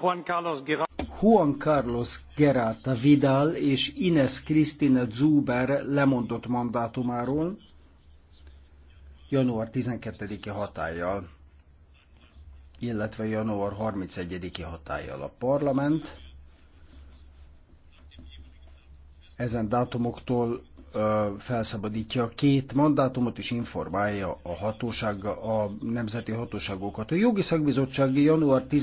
Juan Carlos Gerata Vidal és Ines Cristina Zuber lemondott mandátumáról január 12-i hatállyal, illetve január 31-i hatállyal a parlament. Ezen dátumoktól ö, felszabadítja a két mandátumot és informálja a hatóság, a nemzeti hatóságokat. A jogi szakbizottság január 10